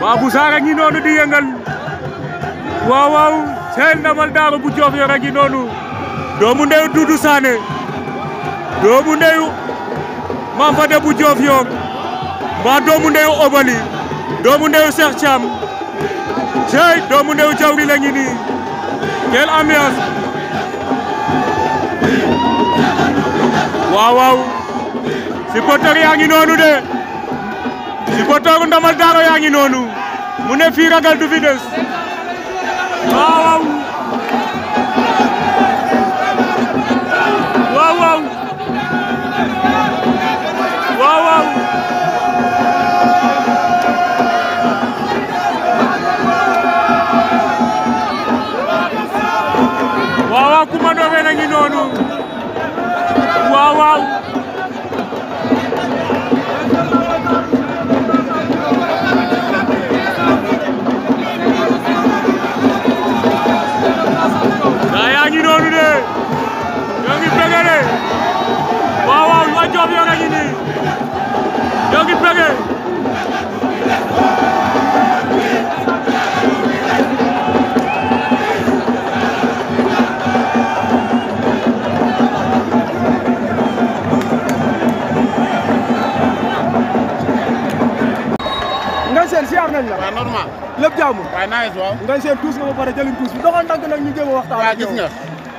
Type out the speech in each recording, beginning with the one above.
Babou Sarr a ngi noonu di yëngal waaw waaw seen ndamal daara bu Joof yor a ngi noonu doomu ndeyu bu Obali doomu ndeyu Cheikh Thiam cey doomu ndeyu Thiawri la ngi wow quelle ambiance waaw waaw supporter yaa ngi de supporteru Ndamal Daaro yaa ngi noonu mu ne fii ragal du des waaw waaw waaw waaw waaw kuma dofe na ngi noonu seen siyaar nañ la waaw normal lépp jàmm waaw nice waaw ngañ seen tuus nga ba pare jëliñ tuus bi doxal ndànk nag ñu jéem a waxtaan waaw gis nga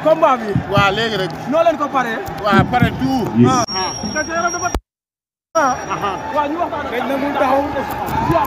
combat bi waaw léegi rek noo leen ko paree waaw pare tout waaw ah. dafa ah. waaw ñu waxtaan rek na mu taxaw